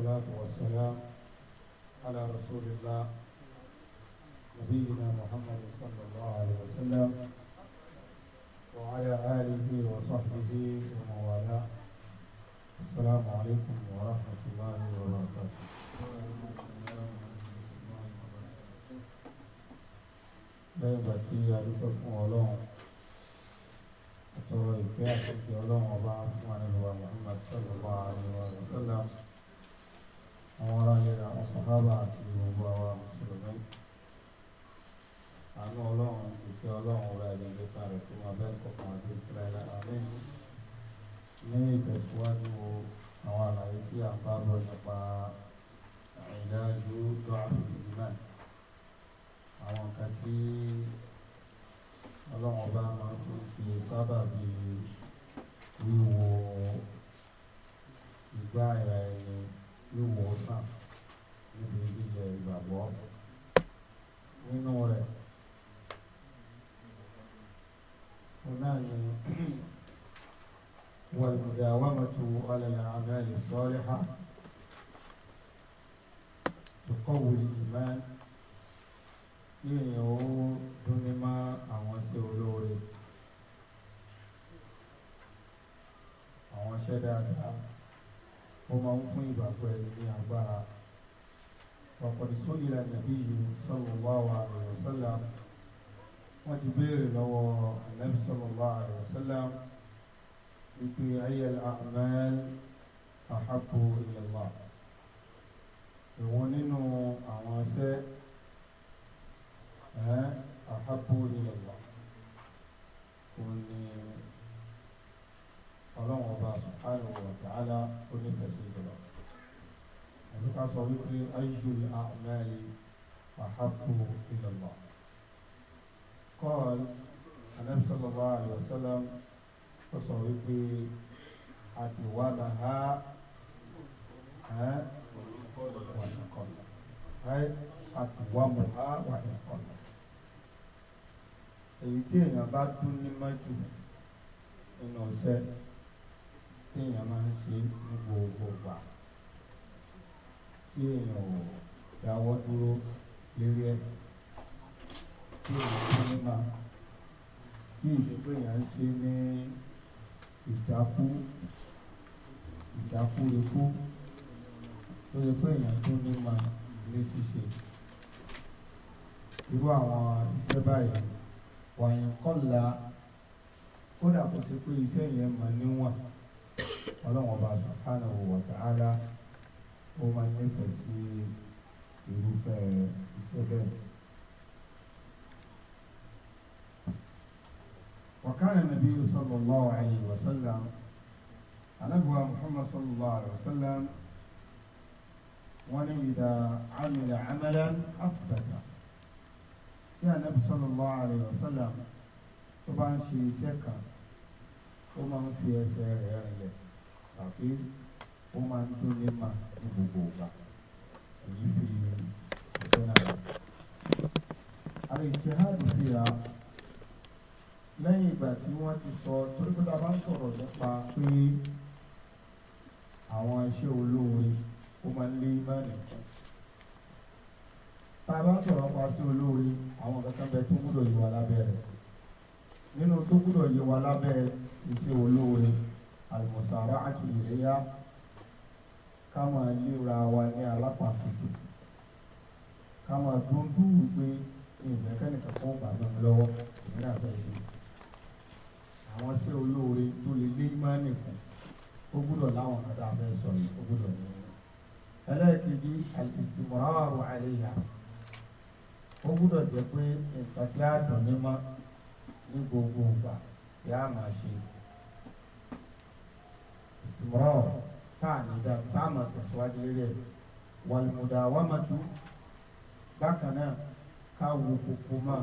والصلاة والسلام على رسول الله نبينا محمد صلى الله عليه وسلم وعلى آله وصحبه وموالاه السلام عليكم ورحمة الله وبركاته lẹ́yìn ìgbà tí adúgbò fún ọlọ́run àtọ̀rọ̀ ìfẹ́ àti ìfẹ́ ọlọ́run ọba fún ànílùwà Muhammad sallallahu alaihi wa sallam àwọn ará ilé àwọn sàhábà àti gbogbo àwa mùsùlùmí àánú ọlọ́run ìfẹ́ ọlọ́run ọba ẹ̀jẹ̀ nípa rẹ̀ tó máa bẹ́ẹ̀ kọ̀ọ̀kan àti ìtura ẹ̀la àmín ní ìtẹ̀síwájú àwọn àlàyé tí a bá bọ̀ nípa ìdájú tó àfihàn náà àwọn nǹkan tí ọlọ́run ọba wíwo ìgbà ìrà ẹ̀yìn wíwò sàn níbi jíjẹ ìgbàgbọ́ nínú rẹ̀ ó náà ní والمداومة على الأعمال الصالحة تقوي الإيمان kí èèyàn ó dúnni má àwọn sí olóore àwọn iṣẹ́ dáadáa ó máa ń fún ìgbàgbọ́ ẹni ní agbára ọ̀pọ̀lọpọ̀ sóyìnlá nàbí yìí sallallahu alaihi wasallam wọ́n ti béèrè lọ́wọ́ anabi sallallahu alaihi wasallam wípé ayé al-a'mal ahabbu ila Allah nínú àwọn ṣẹ́ ahabbu ila Allah òun ni. ọlọ́run ọba subhanahu wa ta'ala ó nífẹ̀ẹ́ sí jùlọ àbí ká sọ wípé ayyul a'mali ahabbu ila Allah qala anabi sallallahu alayhi wa sallam ó sọ wípé ha wà ní wàlúkọlà èyí tí èèyàn bá dún ní mọ́jú nínú ọ̀sẹ̀. téèyàn máa ń ṣe ní tí èèyàn ò dáwọ́ dúró lérí ẹ̀ tí èèyàn ní máa tí ìṣèpé èèyàn ń ṣe ní ìdákú ìdákú ikú tó yẹ pé èèyàn tó ní máa ilé ṣíṣe irú àwọn iṣẹ́ báyìí wàyàn kọ́la kódà kò sí pé iṣẹ́ yẹn máa níwọ̀n. ọlọ́run ọba subhanahu wa ta'ala ó máa ń nífẹ̀ẹ́ sí irúfẹ́ iṣẹ́ bẹ́ẹ̀. وكان النبي صلى الله عليه وسلم أنبوى محمد صلى الله عليه وسلم وأن إذا عمل عملا أثبته يا نبي صلى الله عليه وسلم tó bá ń ṣe iṣẹ́ kan ó ń fi ẹsẹ̀ rẹ̀ tàbí ó máa ń dún ní mà ní gbogbo ìgbà èyí fi ọjọ́ náà lọ. àwọn ìjẹ́hádù fi ra lẹ́yìn ìgbà tí wọ́n ti sọ torí pé bá sọ̀rọ̀ nípa pé àwọn iṣẹ́ olóore ó máa ń lé ìmánì kan tá a bá sọ̀rọ̀ pa sí olóore àwọn kankan bẹ tó gbúdọ̀ yí wa lábẹ́ rẹ̀ nínú tó gbúdọ̀ yí wa lábẹ́ iṣẹ́ olóore àlùmọ̀sára àti ìrẹ́yà ká máa léra wa ní alápàtútù ká máa dúndú wípé ìgbẹ́kẹ̀nìkan fún bàbá mi lọ́wọ́ ìrìnà fẹ́ ṣe àwọn ṣé olóore tó lè lé ìmánì kù ó gbúdọ̀ láwọn ọ̀dà abẹ́ sọ̀rọ̀ ó gbúdọ̀ ní. ẹlẹ́ẹ̀kejì al-istimraru alayha ó gbúdọ̀ jẹ́ pé nǹkan tí a dùn ní mọ́ ní gbogbo ìgbà tí a máa ṣe ìsìmọ́rọ̀ táàní dá táàmà tẹ̀síwájú lórí ẹ̀ wàlùmùdà wàmàtú bákan náà káwọ kókó máa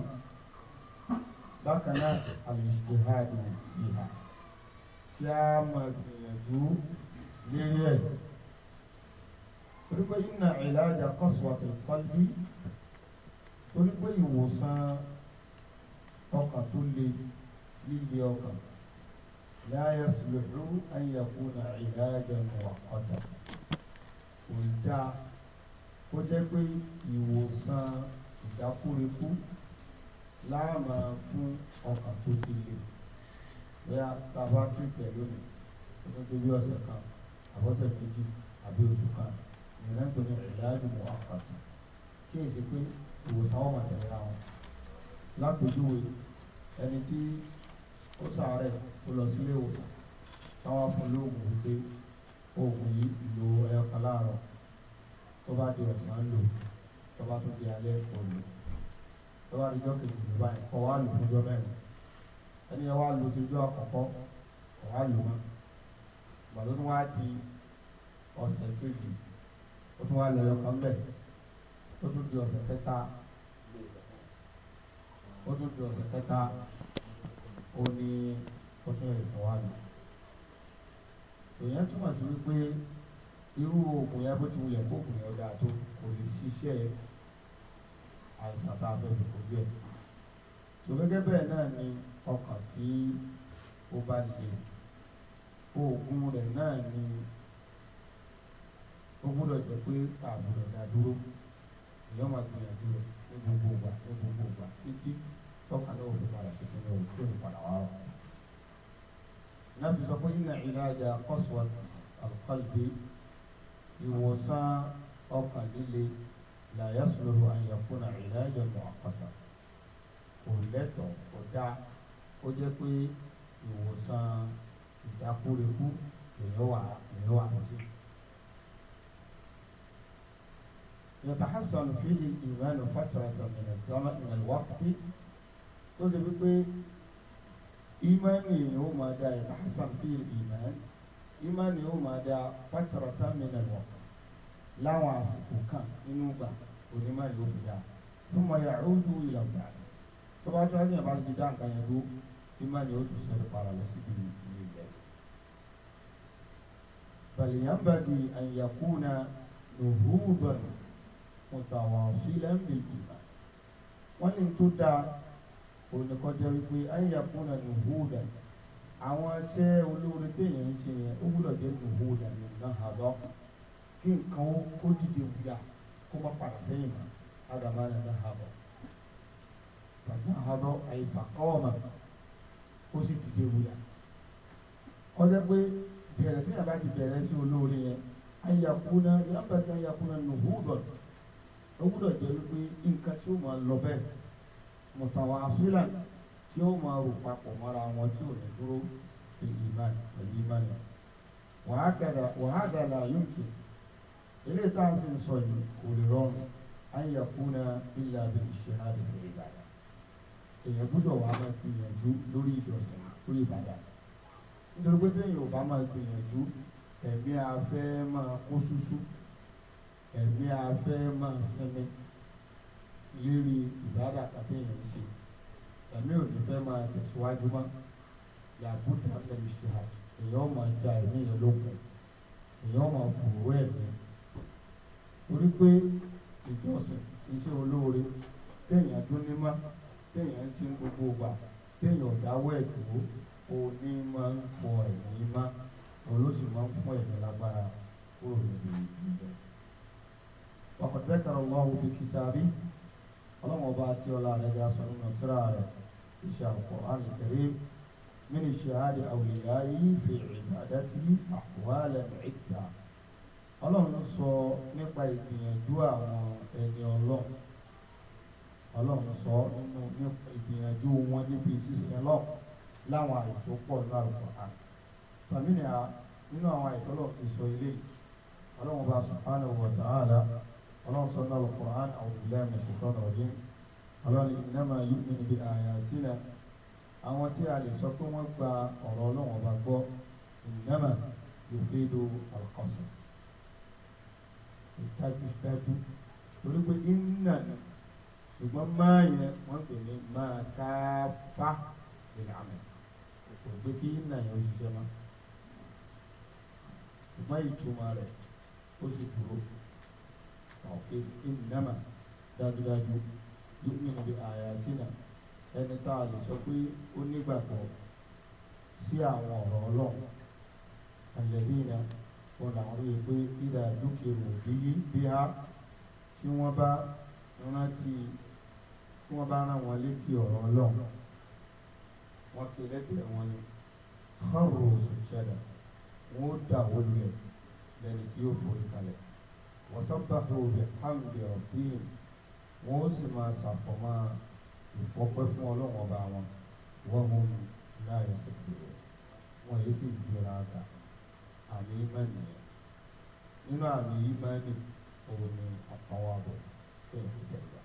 bákan náà àlùsìkèhádì ìhà kí a máa gbìyànjú lórí ẹ̀ torí pé iná ìlàjà kọ́sùwàtì kọ́lbí torí pé ìwòsàn ọkàn tó le líle ọkàn. لا يصلح أن يكون علاجا مؤقتا kò dáa kó jẹ́ pé ìwòsàn ìdákúrekú láàmà fún ọkàn tó ti lè bóyá tá a bá tìtẹ̀ lónìí ó tó débi ọ̀sẹ̀ kan àbọ̀sẹ̀ méjì àbí oṣù kan ìrìnà tó ní ìlàjì mọ́ àkàtì kí èsì pé ìwòsàn ọmọ tẹ̀lé àwọn lápèjúwe ẹni tí ó sàárẹ̀ ó lọ sílé ìwòsàn táwọn afọlóògùn wípé oògùn yìí lo ẹ̀ẹ̀kan láàárọ̀ tó bá di ọ̀sán lò tó bá tún di alẹ́ kò lò tó bá di jọ́kejì ló báyìí kọ́ wá lò fúnjọ́ mẹ́rin ẹni yẹn wá lò tójú àkọ́kọ́ kọ́ wá lò mọ́ gbàdó tún wá di ọ̀sẹ̀ kejì ó tún wá lọ ẹ̀ẹ̀kan bẹ̀ ó tún di ọ̀sẹ̀ kẹta ó tún di ọ̀sẹ̀ kẹta ó ní kó tó ìtọ̀ wà lò èèyàn túmọ̀ sí wípé irú oògùn yẹn bó ti wulẹ̀ kó oògùn yẹn dáa tó kò lè ṣiṣẹ́ àìsàn tá a fẹ́ fi kojú ẹ̀ tó gẹ́gẹ́ bẹ́ẹ̀ náà ni ọkàn tí ó bá lè oògùn rẹ̀ náà ni ó gbọ́dọ̀ jẹ́ pé àbúrò dá dúró èèyàn máa gbìyànjú rẹ̀ ní gbogbo ìgbà ní gbogbo ìgbà títí tọ́ka náà ò fi padà ṣe kí ni ò tó ní padà wá rọ̀ náà fi sọ pé yìí náà ìlàjà kọ́sùwà àkọlùbí ìwòsàn ọkàn líle làyà sọ̀rọ̀ àyàfún náà ìlàjà mọ̀ àpàtà kò lẹ́tọ̀ọ́ kò dáa ó jẹ́ pé ìwòsàn ìdákúrekú èèyàn wà èèyàn wà lọ́sí. يتحسن فيه الإيمان فترة من الزمن من الوقت تقول بيقول ìmánì yìí ó máa da ìbáṣan fi ìmán ìmánì yìí ó máa da pátárọ̀tà mìíràn wọ̀ láwọn àsìkò kan nínú gbà onímọ̀ yìí ó fi dá tó yà ó ju ìlànà tó bá tó ẹ̀yìn bá ti dá nǹkan yẹn dúró ìmánì yìí tún sọ̀rọ̀ para lọ síbi ìlú ìgbẹ́. فلينبغي أن يكون نهوضا متواصلا بالإيمان وإن تدع onìkọjẹ́ wípé ayíyàpọ̀nà ní húdà àwọn iṣẹ́ olóore téèyàn ń ṣe yẹn ó gbúdọ̀ jẹ́ ní húdà ní nàhàdọ́ kí nǹkan kó dìde wúyà kó má padà sẹ́yìn mọ́ àgàmà ní nàhàdọ́ nàhàdọ́ àyíkàkọ́ọ̀mà ó sì dìde wúyà kọjá pé bẹ̀rẹ̀ tí yàrá ti bẹ̀rẹ̀ sí olóore yẹn ayíyàpọ̀nà yàrá bẹ̀rẹ̀ ayíyàpọ̀nà ní húdà ó gbúdọ̀ jẹ́ wípé nǹkan tí ó máa lọ bẹ́ẹ̀ mùtàwàásílà tí ó máa rò papọ̀ mọ́ra wọn tí ò ní dúró pé ìmáàlì pẹ̀lú ìmáàlì wàhádà là yóǹkì ilé tá a sì ń sọ yìí kò lè rọrùn ayé kúnà ilé abẹ ìṣẹ́ àdìgbò ìbàdàn èèyàn gbúdọ̀ wà máa gbìyànjú lórí ìjọsìn lórí ìbàdàn nítorí pé téèyàn ò bá máa gbìyànjú ẹ̀mí afẹ́ máa kó súsú ẹ̀mí afẹ́ máa sinmi lérí ìbára àtẹ̀yìn ṣe ẹ̀mí ò ní fẹ́ máa tẹ̀síwájú mọ́ yàgùdà ẹ̀míṣẹ́ hà èèyàn máa ja ẹ̀mí yẹn lókun èèyàn máa fòwò ẹ̀mí torí pé ìjọsìn iṣẹ́ olóore téèyàn dún ní mọ́ téèyàn ń sin gbogbo ìgbà téèyàn dáwọ́ ẹ̀ dúró òní máa ń fọ ẹ̀mí má olóṣù máa ń fún ẹ̀mí lágbára kúrò níbi ìjọ. وقد ذكر الله في كتابه ọlọ́wọ́n bá tí ọlá rẹ̀ ga sọ nínú tíra rẹ̀ iṣẹ́ Al-Qur'an Al-Karim min shahadi awliya'i fi ibadati àkùwálẹ̀ ìgbà ọlọ́run sọ nípa ìgbìyànjú àwọn ẹni ọlọ́run ọlọ́run sọ nínú nípa ìgbìyànjú wọn níbi ìṣiṣẹ́ lọ láwọn àyè tó pọ̀ lárúkọ à tàbí nínú àwọn àyè ti sọ ilé ọlọ́run bá subhanahu wa ta'ala ọlọ́run sọ náà Al-Qur'an àwọn ìlẹ́ mi ṣùgbọ́n ọ̀dín ọlọ́run innama yu'minu bi ayatina àwọn tí a lè sọ pé wọ́n gba ọ̀rọ̀ ọlọ́run ọba gbọ́ innama yufidu al-qasr ìtajútajú torí pé iná ni ṣùgbọ́n máa yẹn wọ́n pè ní máa ká bá ìlànà kò gbé kí iná yẹn ó ṣiṣẹ́ mọ́ ṣùgbọ́n ìtumọ̀ rẹ̀ ó sì dúró ọ̀pẹ ìnáma dájúdájú yóò bí àyàtìnà ẹni tá a lè sọ pé ó nígbàgbọ́ sí àwọn ọ̀rọ̀ ọlọ́run àlẹ́dínà wọn làwọn rí i pé ìdá dúkìrò yíyí bí a tí wọ́n bá rántí tí wọ́n bá rán wọn létí ọ̀rọ̀ ọlọ́run wọ́n fi lẹ́tẹ̀ẹ́ wọn ni kọ́rọ̀ òṣùṣẹ́dà wọ́n ó dà wọlé lẹ́ni tí yóò forí kalẹ̀ wọ́sọ́bàbò bihamdi rabbihim wọ́n ó sì máa ṣàfọ̀mọ́ ìfọ́pẹ́ fún ọlọ́run ọba wọn wọ́n mú mi láì ṣèkìlọ̀ wọ́n yìí sì gbéra ga àmì ìmánì yẹn nínú àmì ìmánì òun ni àpọ̀wábọ̀ fún ìjọba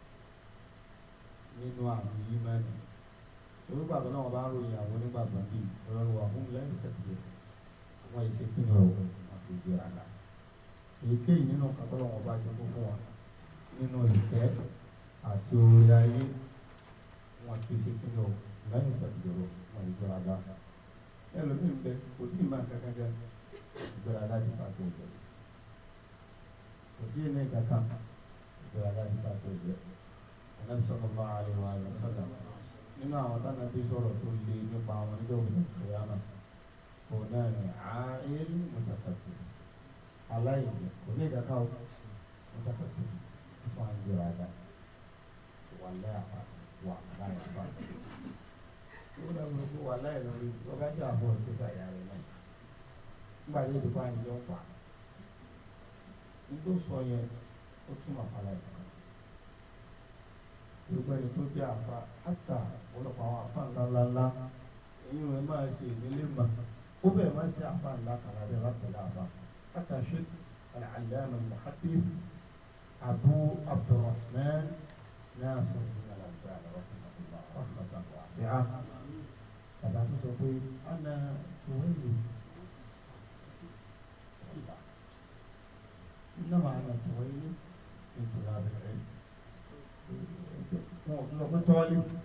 nínú àmì ìmánì onígbàgbọ́ náà bá ròyìn àwọn onígbàgbọ́ bíi ọlọ́run wà fún lẹ́yìn ṣèkìlọ̀ wọ́n yìí ṣe kí ni ọ̀rọ̀ àti èyíkéyìí nínú kàtọ́lọ̀ wọn bá jogún fún wa nínú ìfẹ́ àti orí ayé wọn ti ṣe kí lọ lẹ́yìn ìṣàkóso wọn ìgbéraga ẹlòmíín bẹ kò tí ì máa kankan jẹ ìgbéraga ti pàṣẹ ìjẹ kò tí ì ní kankan ìgbéraga ti pàṣẹ ìjẹ Ànábì sallallahu alaihi wa sallam nínú àwọn táwọn bí sọ̀rọ̀ tó lé nípa àwọn oníjọ́ òjò kìlá náà òun náà ní àárín mùtàkàtì aláìní kò ní ìdáká o wọ́n dábàá tó fún àgbèrè àdá wà láyà wà láyà pa ó dàbí wọn wà láyà lórí ọgá jẹ àbọ̀ ìgbésà ìyá rẹ̀ náà nígbà tí ìdìbò àyè ọ̀pá igbó sọ yẹn ó túmọ̀ àpàlà ìgbà gbogbo ẹni tó jẹ́ àfa àtà ọ̀pọ̀lọpọ̀ àwọn àfa ńláńláńlá èyí wọn máa ṣe ìdílé mà ó bẹ̀ máa ṣe àfa ńlá kàlà bẹ́ẹ̀ bá pẹ̀lú àfa. حتى شد العلامة المحدث أبو عبد الرحمن ناصر بن الألباني رحمه الله رحمة واسعة فلا تقول أنا تولي إنما أنا تولي من طلاب العلم مو طالب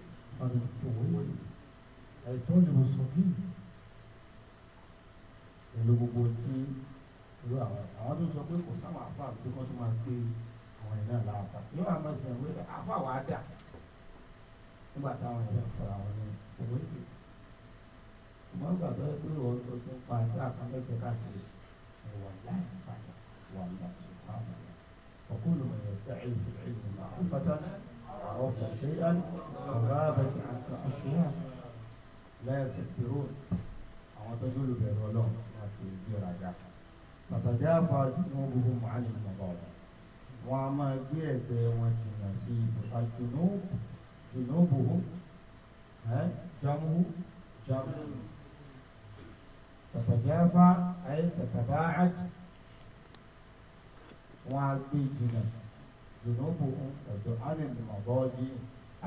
ọ̀dọ̀ ánìlì mọ̀bọ́ọ́jì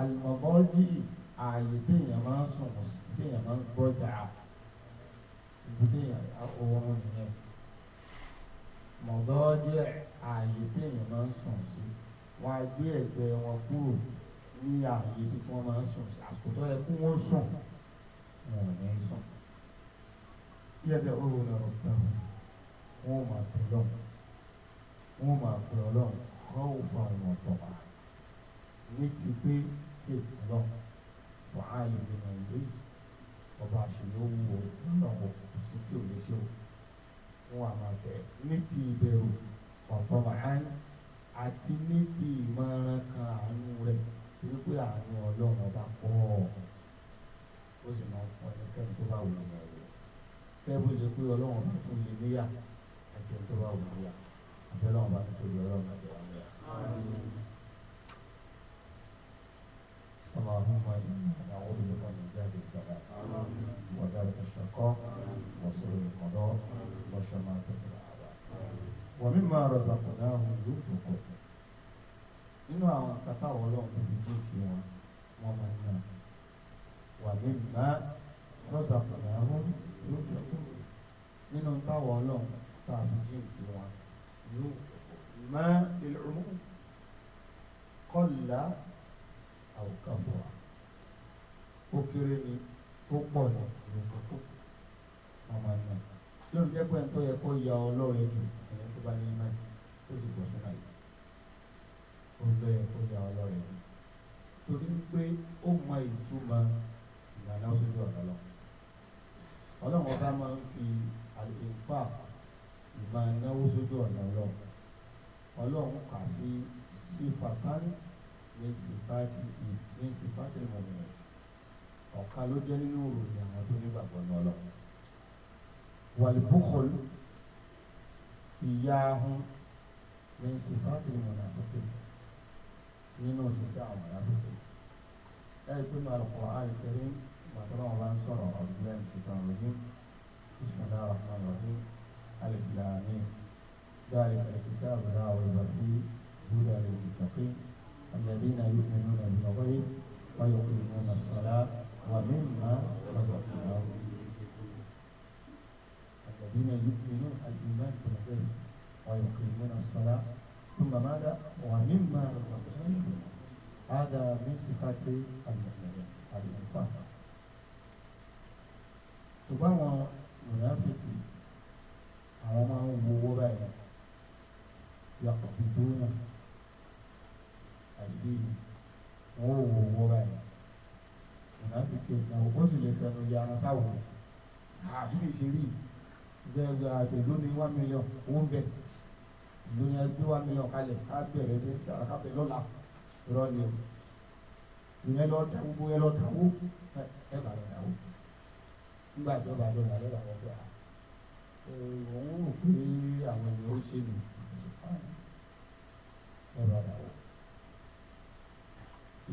àlùmọ̀bọ́ọ́jì ààyè téèyàn máa ń sùn téèyàn máa ń gbọ́jà ibi téèyàn oorun nìyẹn mọ̀bọ́ọ́jì ààyè téèyàn máa ń sùn sí wọn á gbé ẹ̀gbẹ́ wọn kúrò ní ààyè tí wọ́n máa ń sùn sí àsìkò tó yẹ kí wọ́n sùn wọn ò ní sùn yẹ́dẹ̀ oorun lọ́rọ̀ gbà wọ́n wọ́n máa pè lọ́wọ́ wọ́n máa pè ọlọ́run kọ́ òfò àwọn ọ̀tọ̀ máa ní ti pé ṣe lọ wàá ìgbìmọ̀ ìlú yìí ọba àṣeyọ wù ọ lọ́nà kò sí tí ò lè ṣe o wọn àmà bẹ ní ti ìbẹ̀rù ọ̀pọ̀ màán àti ní ti ìmọ̀ràn kan àánú rẹ̀ wípé àánú ọlọ́run ọba pọ̀ ó sì máa ń fọ ẹnikẹ́ni tó bá wù ú kẹ́bù lè pé ọlọ́run ọba tó lè níyà àti tó bá wù ú yà àti ọba tó lè ọlọ́run ọba tó wà níyà. اللهم نعوذ بك من ذات الجلال وذات الشقاء وسوء القضاء وشماتة الأعداء ومما رزقناه يوفقك إنا كتاب الله في جيشنا ومنا ومما رزقناه يوفقك إنا كتاب الله في جيشنا yọ ọlọ́run jù ẹ̀yẹ tó bá ní iná tó sì bọ̀ sínú àyè ó lọ́yẹ tó yọ ọlọ́run jù torí pé ó mọ ìtumọ̀ ìlànà sójú ọ̀nà lọ ọlọ́run ọba máa ń fi àlùfà ìmọ̀ náwó sójú ọ̀nà lọ ọlọ́run kà sí sífàtán ní sífàtì ní ọ̀ka ló jẹ́ nínú ìròyìn àwọn tó nígbàgbọ́ náà lọ wàlúbùkọ́lù. إياه من صفات المنافقين من وصفات المنافقين أي كما القرآن الكريم ما ترى الله سورة أعوذ بالله من الشيطان الرجيم بسم الله الرحمن الرحيم ألف لام ذلك الكتاب لا ريب فيه هدى للمتقين الذين يؤمنون بالغيب ويقيمون الصلاة ومما رزقناهم الذين يؤمنون الإيمان بالغيب ويقيمون الصلاة ثم ماذا ومما رزقناهم هذا من صفات المؤمنين الإنفاق ṣùgbọ́n àwọn mùnàfíkì àwọn máa ń wo owó báyìí yàtọ̀ fi dúró àìdí wọn ò wo owó báyìí mùnàfíkì náà ó sì lè fẹnu ya ara sáwọ àbí ìṣeré ìgbẹ́ àgbẹ̀ lónìí one million owó ń bẹ̀rẹ̀ ìyẹn gbé wá mílíọ̀n kalẹ̀ ká bẹ̀rẹ̀ sí sàrà ká bẹ̀rẹ̀ lọ́la irọ́ ni o ìyẹn lọ da gbogbo yẹn lọ da wó ẹ bà lọ da wó nígbà tí ó bá lọ da lọ da wọ́n gbà òun rò pé àwọn ènìyàn ó ṣe nù ẹ bà lọ wó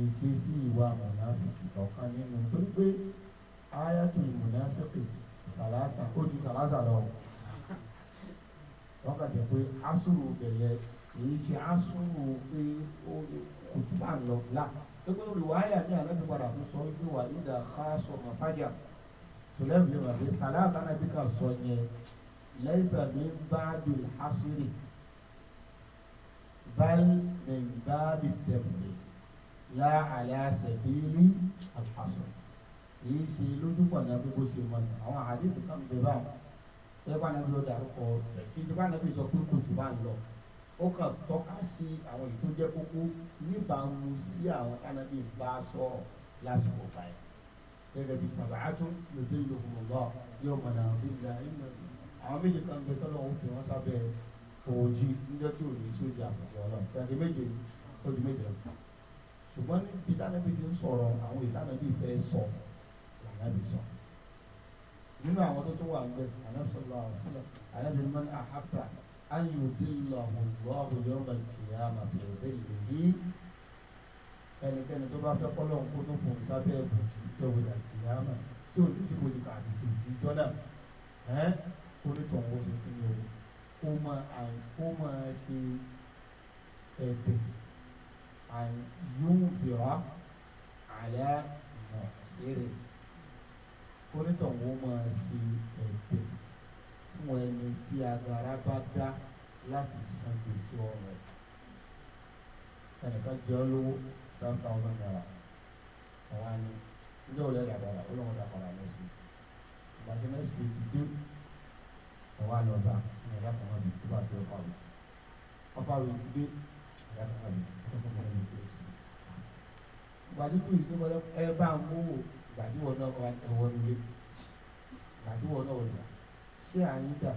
ìṣesí ìwà mọ̀nàfíkì ọ̀kan nínú pé pé ayatul mọ̀nàfíkì sàlásà ó ju sàlásà lọ wọ́n kà jẹ́ pé asúrù bẹ̀yẹ kìí ṣe asúrù pé ó kò tún bá lọ là pépé olùwáyà ní alẹ́ nípadà tó sọ ojú wa ìdá ká sọ màfájà tùlẹ́bù lè wà pé tàlá àtàlà bí ká sọ yẹn lẹ́sà mi bá bi asúrì báyìí mi ń bá bi tẹ̀lé lá àyàsẹ̀ bíi àpàṣọ kìí ṣe lójú pọ̀ ní abúgbó ṣe mọ́ni àwọn àdéhùn kan bẹ báwọn ẹgbẹ́ anabi lọ dárúkọ rẹ̀ ìdíbà anabi sọ pé kò jù bá ń lọ ó kàn tọ́ka sí àwọn èyí tó jẹ́ kókó níbàámu sí àwọn anabi bá sọ̀rọ̀ lásìkò báyìí gẹ́gẹ́ bí sàbàátú lòdì lòkùnmọ̀lá yóò mọ̀nà ìlà ìmọ̀ àwọn méje kan gbé tọ́lọ̀ ń fi wọ́n sábẹ́ òòjì níjọ́ tí òòjì sójà àpòjọ ọlọ́run tẹ̀lé méje ojú méje ṣùgbọ́n níbi tánàbí ti ń sọ̀rọ̀ àwọn ìtànàbí fẹ́ sọ lànàbí sọ̀rọ̀ nínú àwọn tó tún wà ń bẹ àlẹ́sọ̀lá àṣìlẹ̀ àlẹ́bìnrin àhábà ayọ̀dẹ́lẹ̀ ọ̀hùnlọ́ọ̀hùn yọ̀ọ̀bà kìyàmà bẹ̀rẹ̀ lèyí ẹnikẹ́ni tó bá fẹ́ kọ́lọ́ nǹkó tó fòun sábẹ́ ẹ̀bùn ìjọba ìjà kìyàmà tí ò ní sí wo ìkà àdìgbò ìjọ náà ẹ́ onítọ̀ wọn sì fi yẹ kó máa kó máa ṣe ẹ̀bẹ̀ àyùnbíọ́ àlẹ́ mọ̀ sí rẹ̀ onítọ̀hún máa ṣe ẹ̀bẹ̀ fún ẹni tí agbára bá dá láti san gbèsè ọ̀rọ̀ ẹnìkan jẹ́ olówó five thousand naira àwọn àni ilé ọ̀rẹ́ ìdàgbàrà ó lọ́wọ́ dàgbàrà lọ́sùn ìgbàsẹ̀ next week dé ọwọ́ àlọ́ba ní ẹ̀dá kan wà bí tó bá fẹ́ ọkọ̀ rẹ̀ ọkọ̀ rẹ̀ dé ẹ̀dá kan wà bí tó bá fẹ́ ọkọ̀ rẹ̀ ìgbàdí kú ìsinmi ẹ bá ń mú wò gbàdí wọn náà wà nílé gbàdí wọn náà wọlé ṣé à ń dà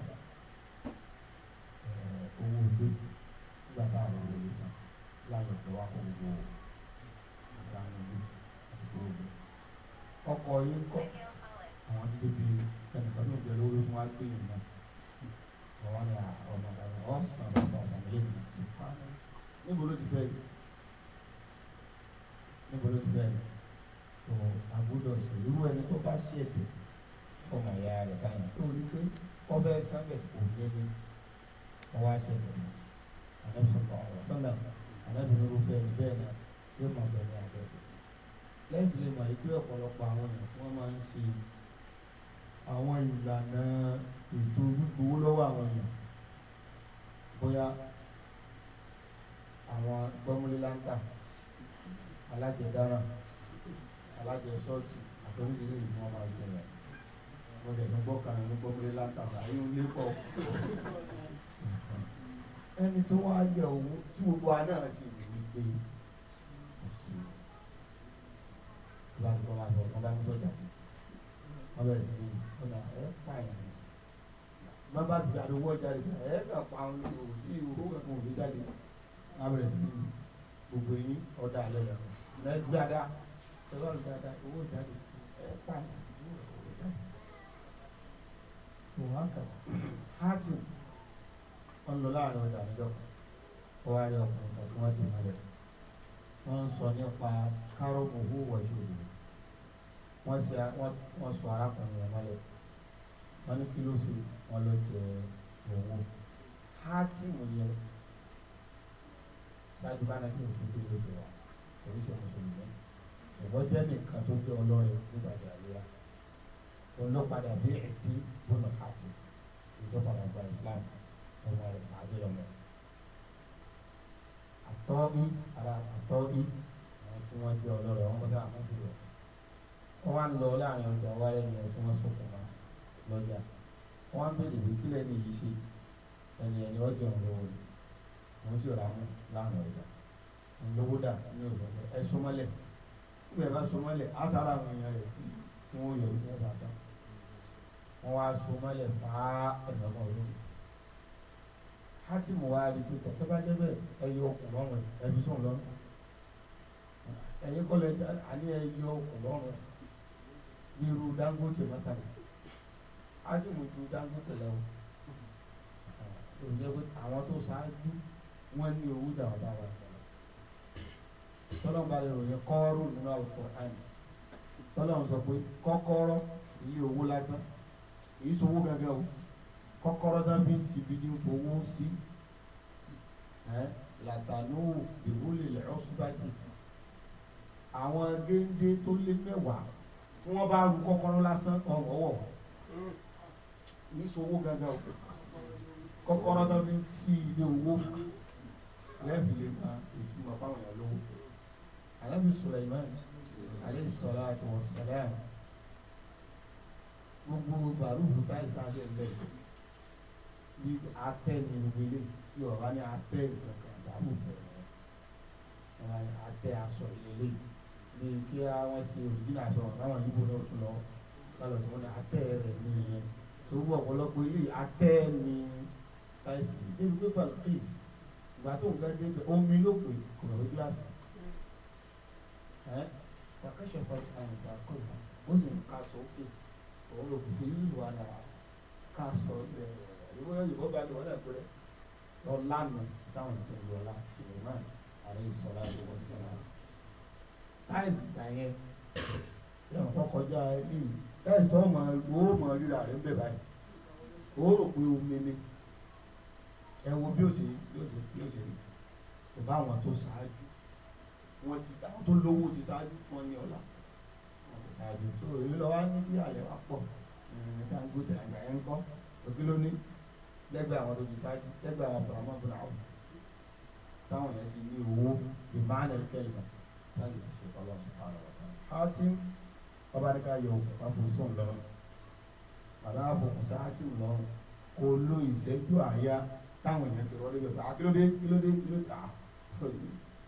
owó ilé nígbà tá a lọ wọlé sàn láti ọ̀dọ̀ wa kó gbogbo àgbà nílé àti gbogbo ọkọ̀ yín kọ́ àwọn ti débi ẹnìkan ní òbí olówó fún wa gbé yìí náà àwọn ni ọmọ ọmọ ọsàn ọmọ ọsàn lé níbo ló ti fẹ́ níbo ló ti fẹ́ yìí gbọ́dọ̀ ṣe irú ẹni tó bá ṣe ètò ọmọ ìyá rẹ̀ báyìí tó rí pé ọbẹ̀ sábẹ̀ kò lélẹ̀ wọ́n wá ṣe ètò náà àlọ́sọ̀kọ̀ ọ̀rọ̀ sọ́nà àlọ́dún irúfẹ́ ẹni bẹ́ẹ̀ náà yóò máa bẹ̀rẹ̀ àbẹ̀ lẹ́yìn lè mọ̀ ikú ọ̀pọ̀lọpọ̀ àwọn èèyàn tí wọ́n máa ń ṣe àwọn ìlànà ètò gbígbówó lọ́wọ́ àwọn èèyàn bóyá àwọn gbọ́múlélántà alájẹdáràn alájọ ṣọ́ọ̀tì àtọ́nìdílé ni wọ́n máa ṣẹlẹ̀ wọ́n dẹ̀ gbọ́ kan ní gbọ́mọdé látara ayé olé pọ̀. ẹni tó wá yẹ owó tí gbogbo wa náà sì rí i pé kò sí ìgbà tó wà lọ ọ̀gá ní sọ́jà wọ́n bẹ̀rẹ̀ sí ní ọ̀nà ẹ̀ fàyà ni má bá dùn àdó wọ́ jáde ká ẹ̀ kà pa àwọn olùkọ́ sí owó kankan òde jáde wọ́n bẹ̀rẹ̀ sí ní gbogbo yín ọ̀dà àlẹ́ rẹ̀ lẹ́gbẹ̀dá ẹ̀rọ dáadáa owó jáde ẹ̀ pàdé kò wá kà hátì wọn lọ láàrin ọjà àjọ kó wá rí ọkùnrin kan tí wọn dì mọ́lẹ̀ wọn sọ nípa káró òwú wọjú òwú wọn sì wọn sọ arákùnrin yẹn mọ́lẹ̀ wọn ní kí ló ṣe wọn lọ jẹ òwú hátì wọn yẹ ṣáájú bá náà e mùsùlùmí ìwọ́n jẹ́ nìkan tó jẹ́ ọlọ́rin nígbà jàlúwà olópadà bí ẹ̀tí bọ́nà àti ìjọpadà gba Islam ọmọ rẹ̀ sàájú ọmọ àtọ́bí ara àtọ́bí àwọn tí wọ́n jẹ́ ọlọ́rin wọn bọ́dọ̀ àwọn ti rẹ̀ wọ́n wá ń lọ láàrin ọjà wáyé ni ẹ̀sùn wọn sọ̀kùn wọn lọ́jà wọ́n á bèèrè pé kílẹ̀ ní yìí ṣe ẹni ẹni ọjọ́ ọ̀rọ̀ wọ́n sì rà mú láàrin ọjà ńlọ́wọ́dà ní òjò ẹ̀sùn mọ́lẹ̀ bẹ́ẹ̀ bá sọmọlẹ̀ asara àwọn èèyàn rẹ̀ wọ́n yọ ojú ẹ̀ka sá wọ́n wá sọmọlẹ̀ fà á ẹ̀dọ̀mọ̀ olómi hátìmù wa rí pípọ̀ tó bá jẹ́ ẹ̀yọ okùn lọ́rùn ẹ̀bí sùn lọ́rùn ẹ̀yìn kọ́lẹ̀ àní ẹ̀yọ okùn lọ́rùn irú Dangote mọ́tàlá hátìmù ju Dangote lọ́wọ́ òun jẹ́ pé àwọn tó ṣáájú wọ́n ní owó dàwọ́ bá tọ́lọ́n bá lè ròyìn kọ́ọ́rù nínú Al-Qur'an tọ́lọ́n sọ pé kọ́kọ́rọ́ iye owó lásán èyí sọ owó gẹ́gẹ́ o kọ́kọ́rọ́ dábí ti bí dín fowó sí làtàlú ìwúlẹ̀ ọ̀ṣùbàtì àwọn géńdé tó lé mẹ́wàá tí wọ́n bá ru kọ́kọ́rọ́ lásán ọ̀rọ̀ wọ̀ èyí sọ owó gẹ́gẹ́ o kọ́kọ́rọ́ dábí sí ilé owó lẹ́ẹ̀bì lè máa ètò ìmọ̀ fáwọn ìyàlówó ànábì Sulaiman alayhi salatu wa salam gbogbo gbàrúgbù táyì sáfẹ́ bẹ́ẹ̀ bí atẹ́ ni gbélé bí ọ̀rá ni atẹ́ ìkankan dàbò bẹ̀rẹ̀ ọ̀rá ni atẹ́ aṣọ ìlélẹ̀ bí kí wọ́n ṣe òrìjìnà aṣọ láwọn yìí bó lọ́ọ́ tún lọ lálọ́ tí wọ́n ní atẹ́ rẹ̀ ní ìyẹn tó wú ọ̀pọ̀lọpọ̀ ilé atẹ́ táyì sí débi pé pàlùkìs ìgbà tó ń gbẹ́ omi ló pè kọ̀ọ̀rọ̀ gíláàsì وكشفت عن ساقها وزن كاسو في وهو كثير وانا كاسو يبغى يبغى بعد وانا كده lọ́lànà táwọn ìjọ lọ́la Suleiman àrẹ ìsọ̀lá ìwọ sọ̀lá. táìsì gbà yẹn yàn kọ́ kọjá eléyìí táìsì tó mọ owó mọ rírà rẹ̀ ń bẹ̀ báyìí ó rò pé omi ni ẹ wo bí ó ṣe bí ó ṣe bí ó ṣe rí kò bá àwọn tó ṣáájú wọn ti àwọn tó lówó ti ṣáájú wọn ní ọ̀la wọn ti ṣáájú tó èyí lọ wá ní tí àlẹ́ wa pọ̀ ìrìn Dangote àgbà yẹn ń kọ́ òkè lónìí lẹ́gbẹ̀ẹ́ àwọn tó ti ṣáájú lẹ́gbẹ̀ẹ́ àwọn tó àmọ́ bùnà àwọn táwọn yẹn ti ní owó ìmáàlẹ̀ kẹ́lìmọ̀ láti fi ṣe ọlọ́ Hatim babalika yọ òkùnfà fún sùn lọ bàbá àbùkùnṣá Hatim lọ kó ló ìṣẹ́jú àáyá táwọn èèyàn ti rọ́lé yọ̀ bá kílódé kílódé àá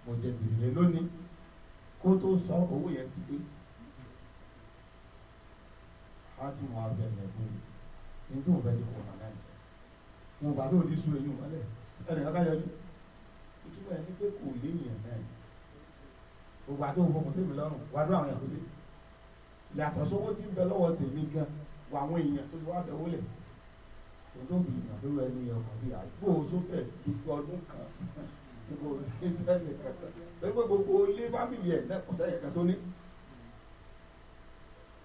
mo jẹ bìrìlẹ lónìí kó tó sọ owó yẹn ti gbé a ti mọ abẹ ẹ fún mi nítorí òun bẹ ti kọ ọ̀nà náà wọn bàbá òdi sùn èyí wọn lẹ ẹnì kan ká yọjú ìtumọ̀ ẹ̀ ní pé kò léyìn náà gbogbo àti òun fọkùn tèmi lọ́rùn wàá dún àwọn èèyàn tó dé yàtọ̀ sówó tí ń bẹ lọ́wọ́ tèmi gan wà àwọn èèyàn tó ti wá bẹ̀ wọlé tó tó bìyànjú ẹni ọkàn bíi àgbo sókè dúpọ̀ ọdún kan kò ní sẹ́yìn kankan torí pé gbogbo ilé fámìlì ẹ̀ náà sẹ́yìn kan tó ní.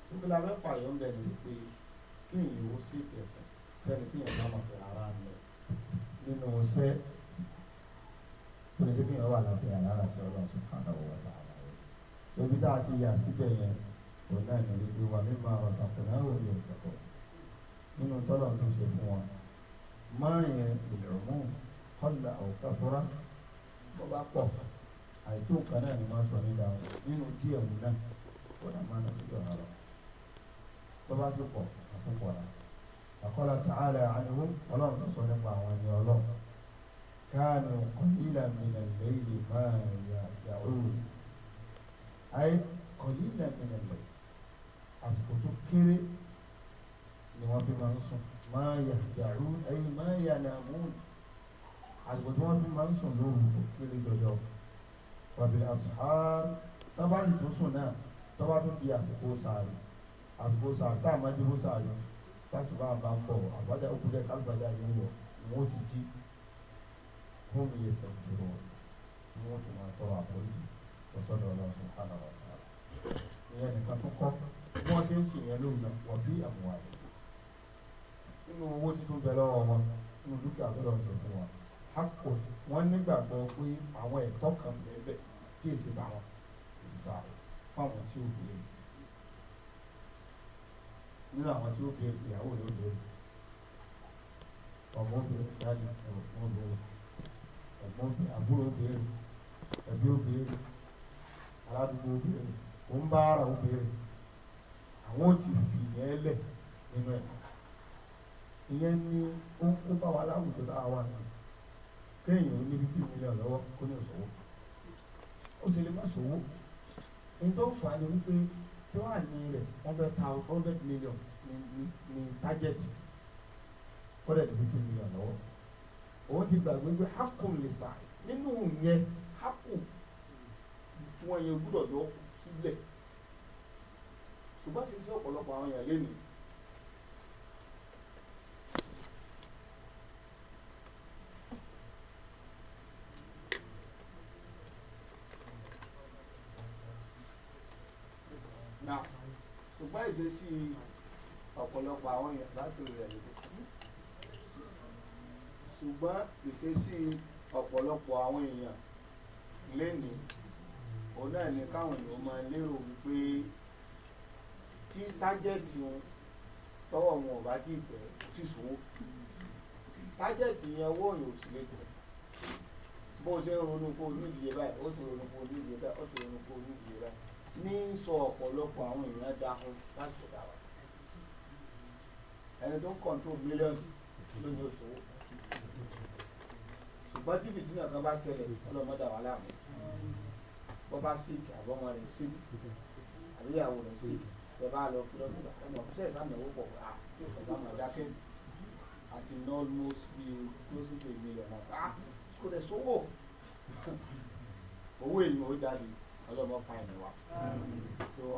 níbi la fẹ́ pààyàn bẹ̀ ni pé kí ìyẹn ó sì kẹ̀kẹ́ fẹ́ni kí ìyẹn bá máa fẹ́ ara rẹ̀ nínú ọ̀sẹ̀ tó lè dé kí ìyẹn wà láfẹ́ àlára sí ọlọ́run tó kàn lọ́wọ́ wà lára rẹ̀. ebi tá a ti yà síbẹ̀ yẹn òun náà ní wípé wà mí máa rọ̀ sàkóyán òun yóò kẹ́kọ̀ọ́ nínú tọ́lọ̀ tó ṣe fún wọn máa yẹn ìdọ̀rùmọ́ tó bá pọ̀ àìtó nǹkan náà ni wọ́n sọ nígbà wọn nínú díẹ̀ wù náà wọ́n náà máa ń lọ sí ọ̀nà lọ tó bá ti pọ̀ àtúpọ̀ náà àkọ́lá tààlà àníwó ọlọ́run tó sọ nípa àwọn ẹni ọlọ́run káàní kọ̀lílà mìnà lẹ́yìn máa yà yàwó ayé kọ̀lílà mìnà lẹ́yìn àsìkò tó kéré ni wọ́n fi máa ń sùn máa yà yàwó ayé máa yà nàmúnù àsìkò tí wọ́n fi máa ń sùn lóru ó kéré jọjọ wàbí àṣàárù tọ́ba yìí tó sùn náà tọ́ba tó di àsìkò sàárì àsìkò sàárì tá a máa dúró sàárì tásìkò àbá ń bọ̀ àbájá òkú dẹ́ kálùbájá yìí wọ̀ wọ́n ti jí fún mi yẹ sẹ́yìn tó wọ̀ ni wọ́n tún máa tọrọ àforíjì lọ́sọ̀dọ̀ ọlọ́run subhanahu wa ta'ala ìyẹn nìkan tó kọ́ bí wọ́n ti ń sìn yẹn lóhùn náà wọ́n bí àmúwáyé nínú owó títún bẹ lọ́wọ́ wọn nínú dúkìá tó lọ́ọ́ hapò wọ́n nígbàgbọ́ pé àwọn ẹ̀tọ́ kan bẹ̀rẹ̀ kí èsì bá wọn ìsà fáwọn tí ó béèrè nínú àwọn tí ó béèrè ìyàwó rẹ̀ ó béèrè ọmọ obìnrin dájú ọmọ obìnrin ẹ̀gbọ́n obìnrin àbúrò obìnrin ẹbí obìnrin aládùúgbò obìnrin ó ń bá ara obìnrin àwọn ò ti fi ìyẹn lẹ̀ nínú ẹ̀ ìyẹn ni ó ń kó bá wa láwùjọ láwa àti kéèyàn ó ní fifty million lọ́wọ́ kó ní òṣòwò ó sì lè má ṣòwò ní tó fà á ni wípé tó wà ní rẹ̀ hundred thousand hundred million ní target ó dẹ̀ ní fifty million lọ́wọ́ òun ti gbàgbé pé hakùn lè sà nínú yẹn hakùn tí wọ́n yẹn gbúdọ̀ yọ sílẹ̀ ṣùgbọ́n sì sí ọ̀pọ̀lọpọ̀ àwọn èèyàn lénìí ìṣesí ọ̀pọ̀lọpọ̀ àwọn èèyàn láti orí ẹ̀yìn ṣùgbọ́n ìṣesí ọ̀pọ̀lọpọ̀ àwọn èèyàn lénìí òun náà ni káwọn èèyàn máa lérò wípé tí tájẹ́ẹ̀tì wọn tọ́wọ́ wọn ò bá tí ì tẹ̀ tí sòwò tájẹ́ẹ̀tì yẹn owó òyìn ò sì lè tẹ̀ bó o ṣe ń ronú kó o ní báyìí ó ti ronú kó o ní báyìí ó ti ronú kó o ní báyìí ní sọ ọ̀pọ̀lọpọ̀ àwọn èèyàn dáhùn láti sọ̀dá wa ẹni tó ń control millions ló ní oṣù ṣùgbọ́n tí bìtì náà kan bá ṣẹlẹ̀ ọlọ́mọdà wà láàmú bọ́ bá sick àbọ̀mọ rẹ̀ sick àbíyàwó rẹ̀ sick ẹ bá lọ kí lọ́dún ọmọ ṣe é sàmìlẹ́wọ́ pọ̀ à ọ̀gá ọmọ dákẹ́ àti almost bí close to a million náà ah kò dẹ̀ sówó owó èèyàn ó jáde ọlọ́mọ fa ẹ̀yìn wa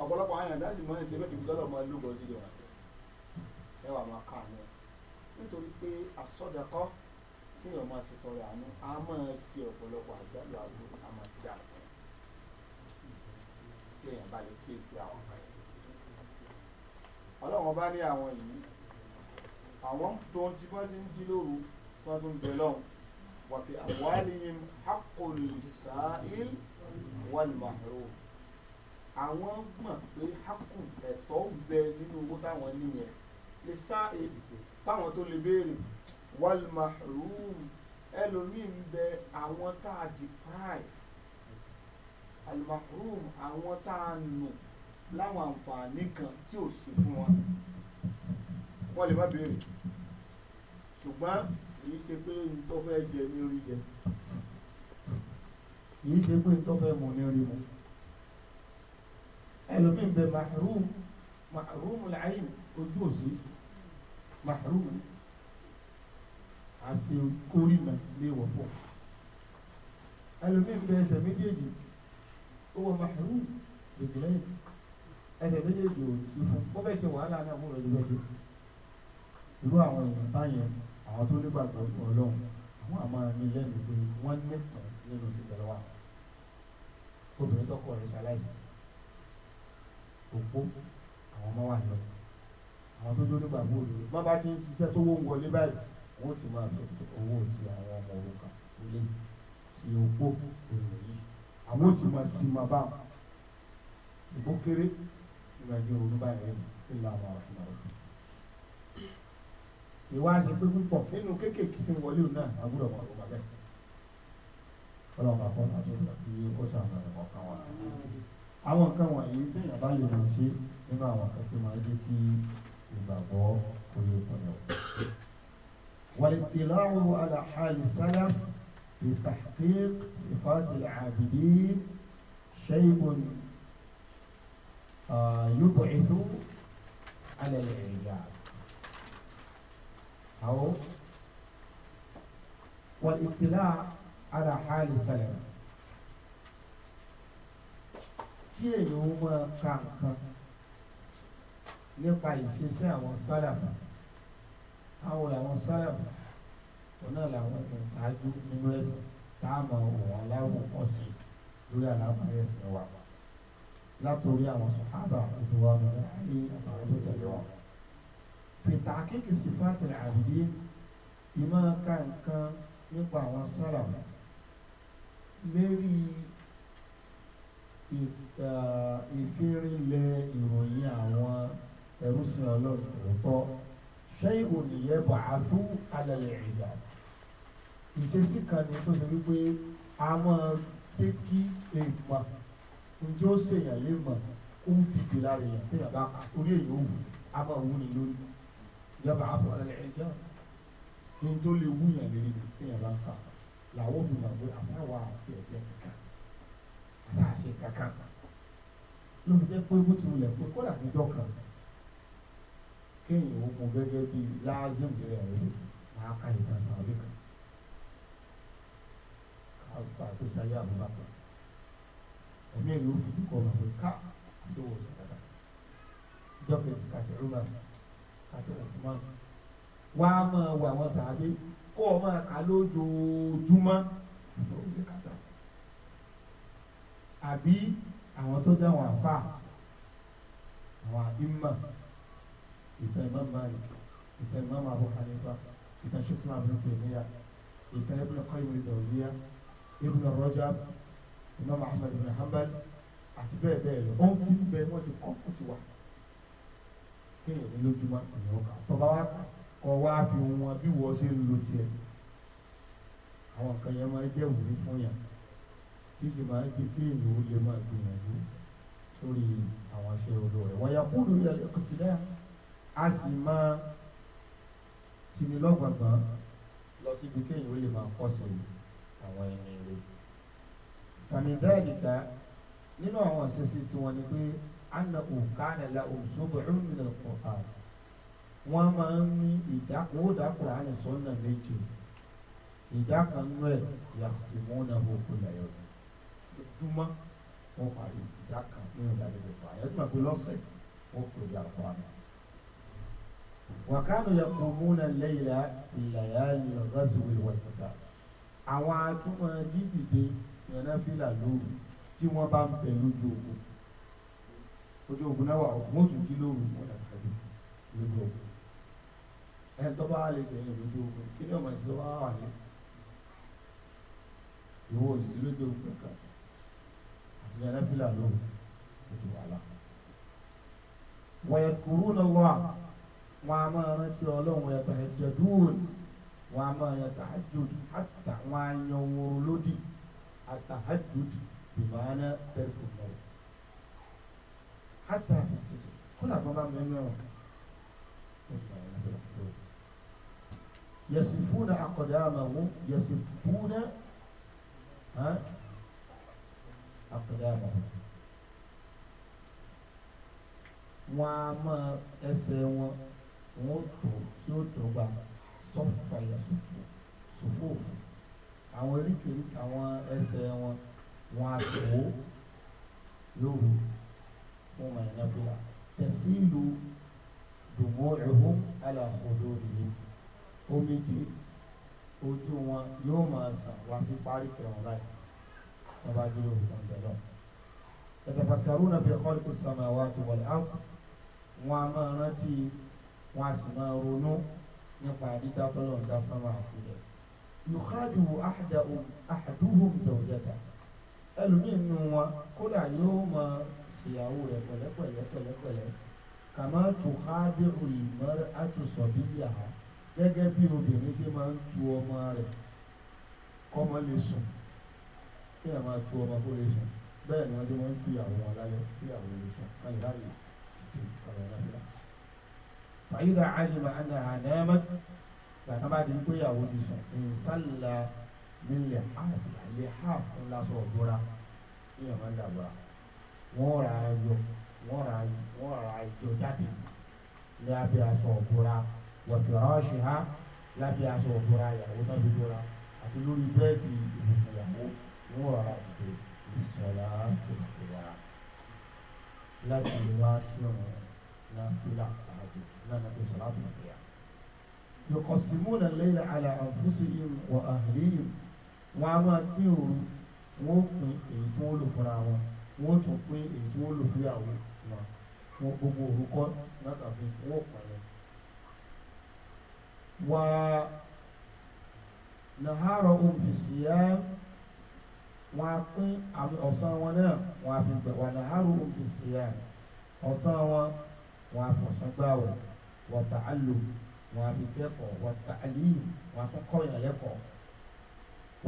ọ̀pọ̀lọpọ̀ àwọn ẹ̀dá sì máa ń ṣe bẹ́ẹ̀ kìí lọ́lọ́ máa lúgọ sí ìjọba ẹ wà máa ká àánú ẹ nítorí pé àsọdẹkọ fún ìyọ̀ máa ṣètọrẹ àánú a máa ti ọ̀pọ̀lọpọ̀ àjálù àgbo a máa ti dàrú kí èèyàn bá lè kíyèsí àwọn ọmọ yẹn bá ní àwọn yìí àwọn tó ti bá ti ń jí lóru tó tún bẹ lọ́hùn wàfi àwọn àlìyìn haqqul wal mahrum àwọn mọ̀ pé hakùn ẹ̀tọ́ ń bẹ nínú owó táwọn níyẹn lè sá èdè táwọn tó lè béèrè wal mahrum ẹlòmíì ń bẹ àwọn tá a deprive al mahrum àwọn tá a nù láwọn àǹfààní kan tí ò sí fún wọn wọ́n lè má béèrè ṣùgbọ́n kì í ṣe pé n tó fẹ́ jẹ ní orí jẹ kì í ṣe pé tó fẹ́ mú ní orí mu ẹlòmíín bẹ mahrum mahrum làyìn ojú òsì mahrum àti kórìmà lè wọ̀ fún ẹlòmíín bẹ ẹsẹ̀ méjèèjì ó wọ mahrum lèjìlẹ́yìn ẹsẹ̀ méjèèjì ò sí fún bó fẹ́ ṣe wàhálà náà mú rẹ̀ lọ́sẹ̀ irú àwọn èèyàn báyẹn àwọn tó nígbàgbọ́ ọlọ́run àwọn àmọ́ ẹni lẹ́nu pé wọ́n nípa nínú ìbẹ̀rẹ̀ wa obìnrin tọkọ rẹ̀ ṣaláìsí òpó àwọn ọmọ wà lọ àwọn tó dúró nígbà gbòòrò má bá ti ń ṣiṣẹ́ tó wó ń wọlé báyìí wọ́n ti máa tó owó ti àwọn ọmọ òrukàn ilé ti òpó èrò yìí àwọn ò ti máa sì máa bá wọn ìbò kéré ìgbà jẹ òru báyìí ńlá àwọn àfihàn òkè ìwà ṣe pé púpọ̀ nínú kéékèèké tí ń wọlé òun náà àbúrò ọmọ òrukàn bẹ́ẹ̀ ọlọ́run àpọ̀ àti ìgbà kí ó ṣàǹfààní kọ̀ọ̀kan wà. àwọn nǹkan wọ̀nyí téèyàn bá lè mọ̀ sí nínú àwọn nǹkan tí máa jẹ́ kí ìgbàgbọ́ kò lè pọ̀ lọ. والاطلاع على حال السلف في تحقيق صفات العابدين شيء يبعث على الإعجاب أو والاطلاع على حال salama kí èèyàn ó máa ka nǹkan nípa ìṣesí àwọn sálàbà àwọn àwọn sálàbà wọn náà làwọn ẹ̀sìn ṣáájú nínú ẹ̀sìn tá a máa wọ̀ wọ́n láwọn ọ̀sìn lórí àlàáfíà ẹ̀sìn wa látòrí àwọn sọ̀hábà òdùwà mọ̀lẹ́ àní àbáwọn tó tẹ̀lé wọn. pìtàkì kìsìfà tẹ̀lé àbídí ìmọ̀ ká nǹkan nípa àwọn sálàbà lérí ìfirinlẹ̀ ìròyìn àwọn ẹrúsìn ọlọ́run òótọ́ ṣẹ́yìn nìyẹn bàátú alẹ́lẹ̀ ìjà ìṣesí kan ni tó ṣe wípé a máa gbé kí èèmọ̀ njẹ́ ó ṣèyàn lè mọ̀ ó ń dìde lára èèyàn tí yàrá orí èèyàn ò wù a máa wù ní lórí yàrá àbọ̀ alẹ́lẹ̀ ìjà ní tó lè wù yàn lérí tí yàrá ń kà làwọn olùmọ̀ pé àsáwà àti ẹ̀jẹ̀ kankan àsáàṣe kankan lórí jẹ́ pé bó ti wulẹ̀ pé kódà níjọ́ kan kéèyàn ó mu gẹ́gẹ́ bíi láàzìm rẹ̀ rẹ̀ máa ka ìtàn sàwọn kan àgbà tó ṣayé àbúrò àpò ẹ̀mí ẹ̀rọ òfin kọ̀ ọ̀nà pé ká àti wò sọ̀rọ̀ dà jọ́kẹ́ kàtẹ́ rúbà kàtẹ́ òfin mọ́ni wàá máa wọ àwọn sàádé kó o máa kà lójoojúmọ́ àbí àwọn tó dáwọn àfa àwọn àbímọ ìtàn Imam Malik ìtàn Imam Abu Hanifa ìtàn Sheikh Ibn Taymiyyah ìtàn Ibn Qayyim al-Jawziyya Ibn Rajab Imam Ahmad ibn Hanbal àti bẹ́ẹ̀ bẹ́ẹ̀ lọ ohun tí ń bẹ wọ́n ti kọ́ kó ti wà kéèyàn ní lójúmọ́ ìyàwó kan tọ́ba wá kàn kọ́ wá fi wọn bí wọ́n ṣe ń lo tiẹ̀ àwọn kan yẹn máa jẹ́ ìwúrí fún yàn tí sì máa ń di kéèyàn ó lè máa gbìyànjú sórí àwọn aṣẹ olóore wọ́n yà kúrò lórí ẹ̀kọ́ tìlẹ̀ a sì máa tìmí lọ́gbàgbà lọ síbi kéèyàn ó lè máa kọ́ sí àwọn ẹni rẹ̀ tàmí bẹ́ẹ̀ nìka nínú àwọn àṣẹṣe tiwọn ni pé anna òkànnà la òṣùbọ̀ ọ̀rùn nílẹ̀ kọ̀ọ̀kan wọ́n máa ń ní ìdá wọ́n ó dá Kùránì sọ́nà méje ìdá kan nú ẹ̀ yàtì wọ́n náà wọ́n kó lẹ́yọ̀ ojúmọ́ wọ́n parí ìdá kan nínú ìdádébẹ̀ fún àyẹ̀tí máa pé lọ́sẹ̀ wọ́n kó lè àpò àná. wàkánù yẹ kó múnà lẹ́yìnlá ìlàyà ìlọ́gọ́sìwé wọ̀nyíta àwọn atúmọ̀ dídìde yẹnáfìlà lóru tí wọ́n bá ń bẹ lójú ogun ojú ogun náà wà wọ́n tún jí lóru wọ́n dàgbà lójú ogun ẹni tó bá lè tẹ̀yìn lójú ogun kí ni ọmọ ìṣẹ́ wá wà ní ìwọ òjìṣí lójú ogun kankan àti ẹ̀rẹ́ fìlà lóhùn ojú wàhálà. wọ́n yẹ kúrú lọ́wọ́ wọn a máa rántí ọlọ́run ẹ̀bà ẹ̀jẹ̀ dúró wọn a máa yẹ tàájòdì àtà wọn a yan wọn lódì àtàájòdì ìmọ̀ọ́nà tẹ̀lifù mọ́ àtà ìsìtì kó làbọ̀ bá mi mẹ́wọ̀n. يسفون أقدامهم يسفون أقدامهم wọn a máa ẹsẹ̀ wọn wọn tó tí ó tó bá sọfà yasòfò sòfòfò àwọn eríkèrí àwọn ẹsẹ̀ wọn wọn a tó lóru fún wọn ẹ̀ náà bí wa tẹ̀sílù dùnmọ́ ẹ̀hún alàkòdó omijì ojú wọn yóò máa sàn wá sí parí kẹwọn báyìí wọn bá dúró ìtàn bẹ́ẹ̀ lọ. yatafakkaruna fi khalqi samawati wal ardh wọn a máa rántí wọn a sì máa ronú nípa dídá tọ́lọ̀ ń dá sánmà àti ilẹ̀. yukhadi'u ahaduhum zawjata ẹlòmíì nù wọn kódà yóò máa ìyàwó rẹ̀ pẹ̀lẹ́pẹ̀lẹ́ pẹ̀lẹ́pẹ̀lẹ́ kama tukhadi'u al-mar'atu sabiyaha gẹ́gẹ́ bí obìnrin ṣe máa ń tu ọmọ rẹ̀ kọ́mọ lè sùn kí ẹ̀ máa tu ọmọ kó lè sùn bẹ́ẹ̀ ni wọ́n ti máa ń tu ìyàwó wọn kí ìyàwó lè sùn káyọ̀ láàyè tètè ọ̀rọ̀ láfíà. fàyídà àjùmọ̀ àná àdáyàmọ́t gbàtà bá di pé ìyàwó ti sùn ìsàlà nílẹ̀ àfúlà lè lásán ọ̀dọ́ra kí ẹ̀ máa dàgbà wọ́n rà á yọ wọ́n rà á yọ jáde ní abẹ́ aṣọ ọ̀dọ́ra wọ̀fìránṣìhá lábẹ́ aṣọ òfúra ìyàwó tó fi bóra àti lórí bẹ́ẹ̀dì ìbùsùn ìyàwó níwọ̀n ara ìdè ìsọ̀lá tó ti wá láti wá kí ọ̀rọ̀ náà tó là àjò lánàá tó sọ̀rọ̀ àbùnà ìyá. yọkọ̀símúnà lẹ́yìn àlà àǹfùsìyìn wọ àhìlíyìn wọn a máa pín òru wọn ó pín èyí tí wọn lò fúnra wọn wọn ó tún pín èyí tí wọn lò fúyàwó wọn wọn gbogbo òru kọ́ wọn ò pààyàn ونهارهم بالصيام um wọ́n á pín àwọn ọ̀sán wọn náà wọ́n á fi gbẹ̀ wọ́n nàárò òbí síyá ọ̀sán wọn wọ́n á fọ̀sán gbáwẹ̀ wọ́n tà á lò wọ́n á fi kẹ́kọ̀ọ́ wọ́n tà á lì wọ́n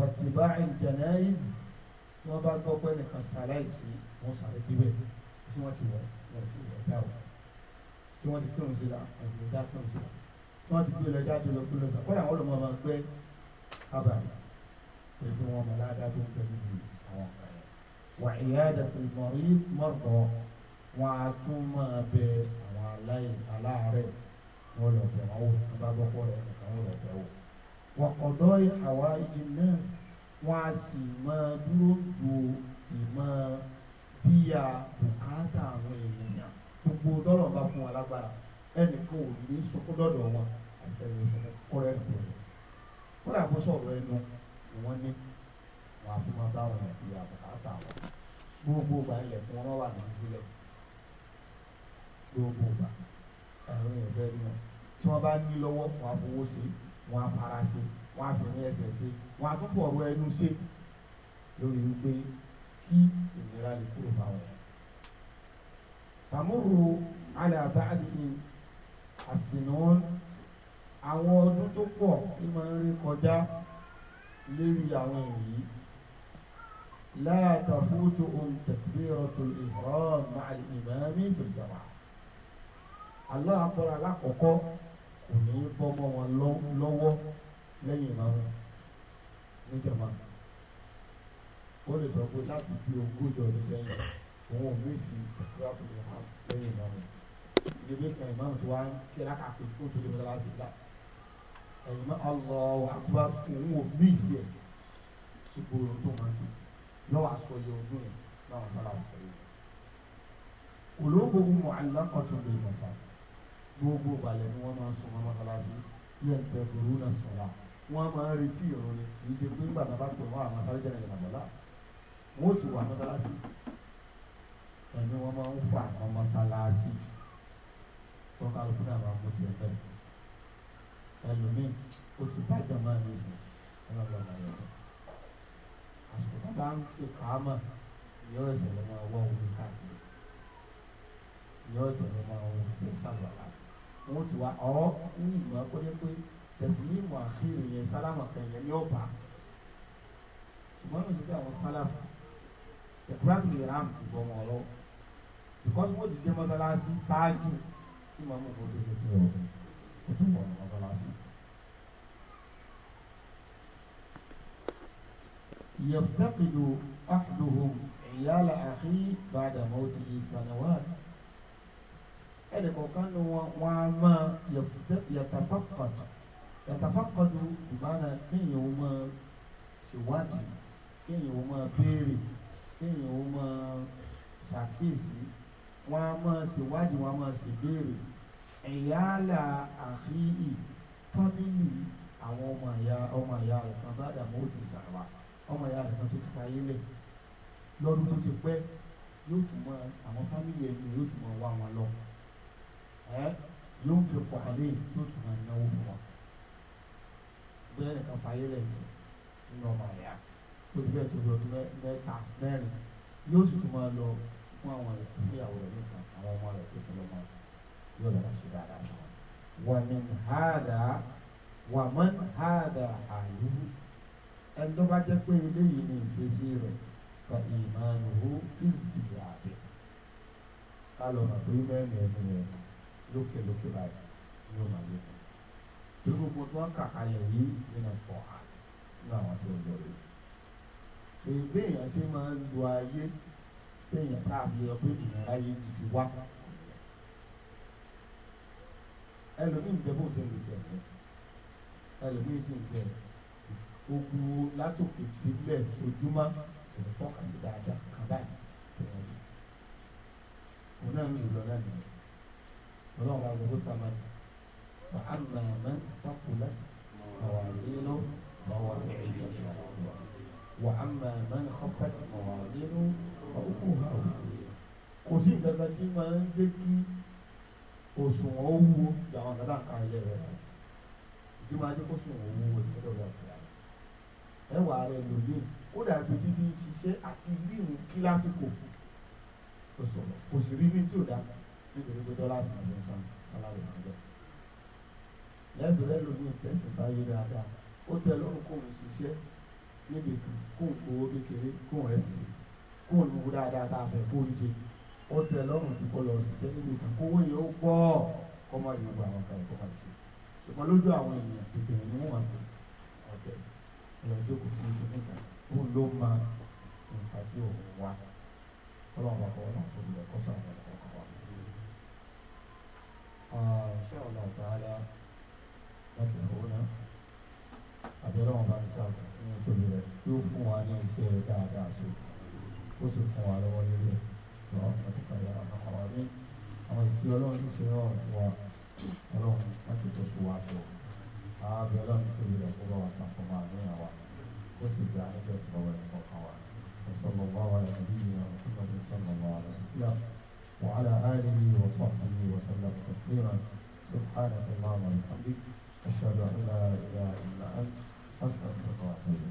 á ti bá ìjànáyìz tí wọ́n bá gbọ́ pé nìkan sàláìsì wọ́n sàlẹ̀ bíbẹ̀ tí wọ́n ti wọ̀ wọ́n ti wọ̀ dáwọ̀ tí wọ́n ti kírun sí la wọ́n ti dá kírun sí la wọ́n ti gbé lọ jáde lọ gbé lọ sọ kọ́ni àwọn olùmọ̀ máa gbé abàmì pẹ̀lú wọn mọ̀ ládàá tó ń bẹ nínú àwọn ọ̀gá yẹn. wà ìyáàdà tó mọ̀ rí mọ̀rọ̀ wọn a tún máa bẹ àwọn aláàárẹ̀ wọn lọ bẹ̀ wọ́n wò tó bá gbọ́ pọ̀ rẹ̀ nìkan wọn lọ bẹ̀ wò. wọn ọ̀dọ́ àwa ìjì náà wọn a sì máa dúró ju ìmọ̀ bíyà bùkátà àwọn èèyàn gbogbo dọ́lọ̀ bá fún wọn lágbára ẹnì kan ò ní sọkúndọ̀dọ̀ wọn kọ́rẹ́ kọ́rẹ́ wọ́n lè àkóso ọ̀rọ̀ ẹnu wọ́n ní wọ́n á fún bá wọn ìyá àbùkátà wọn gbogbo ìgbà ilẹ̀ fún wọn wà ní sílẹ̀ gbogbo ìgbà ẹ̀rọ yẹn fẹ́ rí wọn tí wọ́n bá ní lọ́wọ́ wọn á sí wọn á sí wọn á ẹsẹ̀ sí wọn á ọ̀rọ̀ ẹnu sí lórí wípé kí ìnira lè kúrò bá wọn. tàmúrù alẹ́ àbáàdì àsìnà àwọn ọdún tó pọ̀ ní máa ń rí kọjá lérí àwọn èyí láàtà fútu ohun takbiratul ihram ma'al imami fil jama'a Allahu akbar alákọ̀ọ́kọ́ kò ní í bọ́mọ wọn lọ́wọ́ lẹ́yìn ìmáàmù ní ó lè sọ pé láti bí ogójì ọdún sẹ́yìn òun ò mí sí takbiratul ihram lẹ́yìn ìmáàmù ìdílé kan ìmáàmù tó wá ń kí lákàtúntò tó lè mọ́tàlá sí ẹ̀yìn mọ́ Allahu Akbar òun ò bí ìsì ẹ̀ ìgboro tó máa ń dùn lọ́wọ́ aṣọ yẹ ọdún yẹn báwọn sọ́la ọ̀sẹ̀ yẹn. olóògùn mu alákọ̀tún lè mọ̀sá gbogbo balẹ̀ ni wọ́n máa ń sọmọ mọ́sálásí yẹn tẹ burú náà sọ̀rọ̀ wọ́n máa ń retí ìrún ni kì í ṣe pé nígbà tábà pè wọ́n àwọn sáré jẹ́rẹ̀ ìrànlọ́lá wọ́n ti wà mọ́sálásí ẹ̀mí wọ́n máa ń fà àwọn mọ́sálásí tọ́ka lókùnrin àwọn àmọ́ tiẹ̀ bẹ́ẹ̀ ẹlòmíì ó ti bàjẹ́ máa ní ìsìn ọlọ́run ọmọ yẹn àsìkò bàbá ń ṣe kàámà yóò ẹsẹ̀ ló máa wọ omi káàkiri yóò ẹsẹ̀ ló máa wọ omi sàlùwàlà wọn ti wá ọ ní ìmọ̀ akọ́jẹ́ pé tẹ̀sí ní ìmọ̀ àkíyè yẹn sálámà kan yẹn ní ọ̀bà ṣùgbọ́n mi ti fi àwọn sálámà ìkúráàmù lè rà mí bọ́ wọn lọ bíkọ́sì wọ́n ti dé mọ́sálásí ṣáájú ìmọ̀ àmọ́ ìbò tó ṣe fi ọ̀rọ̀ ó tún wọ̀ ní mọ́sálásí. yẹ̀fùtẹ́kìlù àdùhùn ìyáàlà àfi bàdàmọ́ ti sànàwáàtì ẹnì kọ̀ọ̀kan ni wọn wọn a máa yàtàfàkọ̀tù yàtàfàkọ̀tù ìbára kéèyàn ó máa ṣèwádìí kéèyàn ó máa béèrè kéèyàn ó máa ṣàkíyèsí wọn a máa ṣèwádìí wọn a máa ṣèbéèrè ìyáàlà àfihì fámìlì àwọn ọmọ ìyá ọmọ ìyá rẹ̀ kan bá dàmú ó ti sàrà ọmọ ìyá rẹ̀ kan tó ti fayé lẹ̀ lọ́dún tó ti pẹ́ yóò tún mọ àwọn fámìlì ẹni yóò tún mọ wá wọn lọ ẹ yóò fi pọ̀ àlẹ́ yóò tún mọ náwó fún wọn bẹ́ẹ̀ nìkan fayé lẹ̀ sí nínú ọmọ ìyá tó ti bẹ́ẹ̀ tó lọ mẹ́ta mẹ́rin yóò sì tún mọ lọ fún àwọn ẹ̀kọ́ ìyàwó rẹ̀ nìkan àwọn ọmọ rẹ̀ tó tún lọ mọ́ yóò lọ́wọ́ ṣe dáadáa fún wa wàmín hàdà wàmán hàdà àyù ẹni tó bá jẹ́ pé eléyìí ni ìṣesí rẹ̀ ka ìmánuhu ìsìkìlì àbẹ̀ ká lọ mà pé mẹ́rin ẹni rẹ̀ lókè lókè báyìí ní ọmọ àgbẹ̀ kan tó gbogbo tó ń kàkà yẹ̀ yìí nínú pọ̀ àti nínú àwọn tó ń lọ rẹ̀ èyí bí èèyàn ṣe máa ń lo ayé téèyàn tá a fi ọgbẹ́ ìyàrá yìí ti ti wá. ẹlòmíì ń bẹ bó ṣe lè jẹ ẹ̀fẹ́ ẹlòmíì sì ń bẹ ogun látòkè sílẹ̀ ojúmọ́ èyí tọ́ka sí dáadáa kan báyìí tẹ̀lé òun náà ń lò lọ náà nìyẹn ọlọ́run bá gbogbo tá a máa bá a máa máa ń tako láti àwọn àzínú àwọn àbẹ̀rẹ̀ wà á máa máa ń kọ́kọ́ àwọn àzínú àwọn òkú àwọn kò sí ìdàgbàsí máa ń jẹ́ kí òṣùwọ̀n owó làwọn àgbàdà ń ka ilé rẹ̀ rẹ̀ ìdí máa jẹ́ kó sùnwọ̀n owó ìpínlẹ̀ ọ̀gá ìpínlẹ̀ ẹwà rẹ̀ lòdì ó dàbí títí ṣiṣẹ́ àti rírun kílásìkò kò sì rí ní tí ò dáa nítorí pé dọ́là sì máa san sálárì máa bẹ̀. lẹ́bùn rẹ̀ lòdì tẹ̀sán bá yé dáadáa ó tẹ lọ́rùn kóun ṣiṣẹ́ níbi kan kóun gbowó kékeré kóun rẹ̀ ṣiṣẹ́ kóun ní owó dáadáa tá a fẹ́ kóun ṣe ó tẹ́ lọ́rùn tó kọ́ lọ ṣiṣẹ́ níbi kan kówó yẹn ó pọ̀ kọ́ máa yọ gba àwọn kan kọ́ máa ṣe ṣùgbọ́n lójú àwọn èèyàn tètè ní wọn àti ọ̀tẹ̀ ìlọ́jọ́ kò sí ibi níta ó ló máa nǹkan tí òun wá kọ́lọ́n bá kọ́ wọn fún ilẹ̀ kọ́sà wọn kọ́ kọ́ wọn. ṣé ọ̀nà ọ̀tá ara láti ọ̀hún náà àbẹ̀rẹ̀ wọn bá ń ta ní ìtòlú rẹ̀ yóò fún wa ní iṣẹ́ dáadáa sí ó sì fún wa lọ́wọ́ nílé. ọ̀rọ̀ pàtàkì àkàwà ní àwọn ìkí ọlọ́run ní ṣe rọrùn fún wa ọlọ́run láti tó ṣù wá sọ ààbẹ̀ ọlọ́run tó lè kó bá wa sàfọ́mọ́ àníyàn wa ó sì gba ẹgbẹ́ ìṣọ̀rọ̀ ẹ̀kọ́ kan wa ọ̀sọ̀rọ̀ bá wa rẹ̀ níbi ìyá ọ̀túnmọ̀dé sọ̀rọ̀ bá wa rẹ̀ sílẹ̀ وعلى آله وصحبه وسلم تسليما سبحانك اللهم وبحمدك أشهد أن لا إله إلا أنت أستغفرك وأتوب إليك